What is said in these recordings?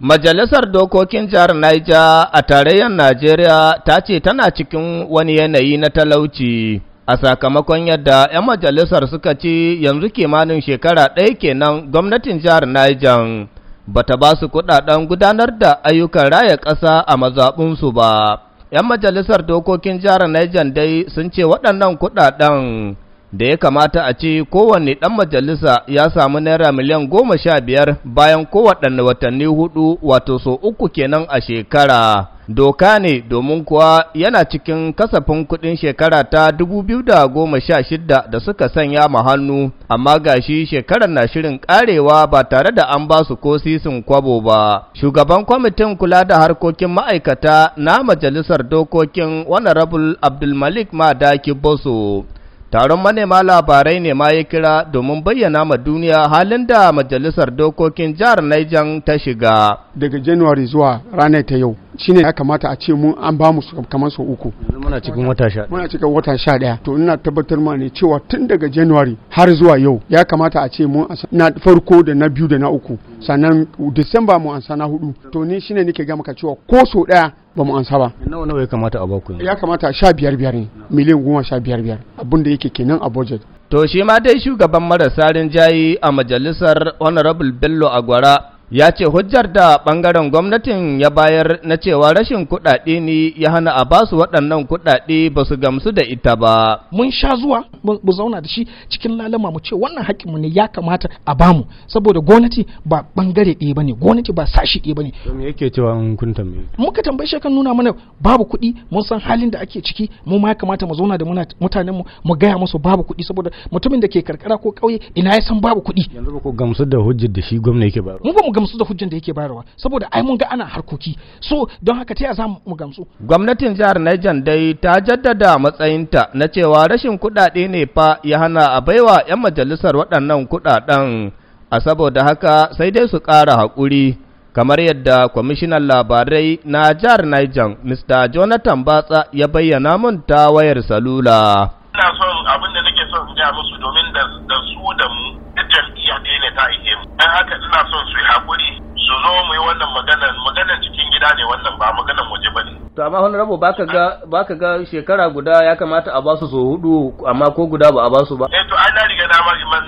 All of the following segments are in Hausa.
Majalisar Dokokin Jihar Naija a tarayyar Najeriya ta ce tana cikin wani yanayi na talauci a sakamakon yadda 'yan majalisar suka ci yanzu kimanin shekara ɗaya kenan gwamnatin jihar Niger bata ba su kudaden gudanar da ayyukan raya ƙasa a mazaɓunsu ba. 'Yan majalisar dokokin jihar Niger dai sun ce waɗannan kudaden da ya kamata a ce kowanne ɗan majalisa ya samu naira miliyan goma sha biyar bayan kowaɗanne watanni hudu wato so uku kenan a shekara. Doka ne domin kuwa yana cikin kasafin kuɗin shekara ta dubu biyu da goma sha da suka sanya ma hannu, amma gashi shekarar na shirin ƙarewa ba tare da an ba su ko sisin kwabo ba. Shugaban kwamitin kula da harkokin ma'aikata na majalisar dokokin Rabul Abdulmalik Madaki Boso taron manema labarai ne ma ya kira domin bayyana ma duniya halin da majalisar dokokin jihar Niger ta shiga. Daga January zuwa ranar ta yau shine ya kamata a ce mun an ba mu kamar sau uku. Muna cikin wata sha Muna cikin wata sha ɗaya. To ina tabbatar ma ne cewa tun daga January har zuwa yau ya kamata a ce mun na farko da na biyu da na uku sannan Disamba mu an sana hudu. To ni shine nake ga maka cewa ko sau ɗaya ba mu ansa ba nawa nawa ya kamata a baku ya kamata sha biyar biyar ne miliyan goma sha biyar biyar abin da yake kenan a budget to shi ma dai shugaban marasa jayi a majalisar honorable bello agwara ya ce hujjar da bangaren gwamnatin ya bayar na cewa rashin kuɗaɗe ne ya hana a basu waɗannan kuɗaɗe ba su gamsu da ita ba mun sha zuwa mu zauna da shi cikin lalama mu ce wannan haƙƙinmu ne ya kamata a bamu saboda gwamnati ba bangare ɗaya bane gwamnati ba sashi ɗaya bane me yake cewa in kun tambaye muka tambaye shi kan nuna mana babu kuɗi mun san halin da ake ciki mu ma ya kamata mu zauna da mutanen mu mu gaya musu babu kuɗi saboda mutumin da ke karkara ko ƙauye ina ya san babu kuɗi yanzu ba ku gamsu da hujjar da shi gwamna yake bayarwa mu ba mu gamsu da hujjar da yake bayarwa saboda ai mun ga ana harkoki so don haka ta za mu gamsu gwamnatin jihar Niger dai ta jaddada matsayinta na cewa rashin kuɗaɗe ne fa ya hana a baiwa 'yan majalisar waɗannan kuɗaɗen a saboda haka sai dai su ƙara haƙuri kamar yadda kwamishinan labarai na jihar Niger Mr. Jonathan Batsa ya bayyana mun ta wayar salula. Ina son abin da nake son in musu domin da su da mu jam'iyya ne ta aike mu. Dan haka ina son su yi haƙuri su zo mu yi wannan maganar maganar cikin gida ne wannan ba maganar waje ba ne. to amma wani rabo baka ga baka ga shekara guda ya kamata a ba su so hudu amma ko guda ba a ba su ba eh to ai na riga na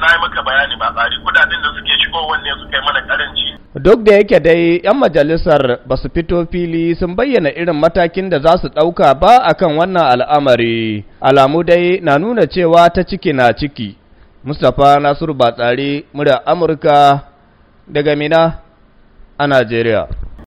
na yi maka bayani ba tsari kudaden da suke shigo wanne su kai mana karanci duk da yake dai yan majalisar ba su fito fili sun bayyana irin matakin da za su ɗauka ba a kan wannan al'amari alamu dai na nuna cewa ta ciki na ciki mustapha nasiru batsari murya amurka daga mina a najeriya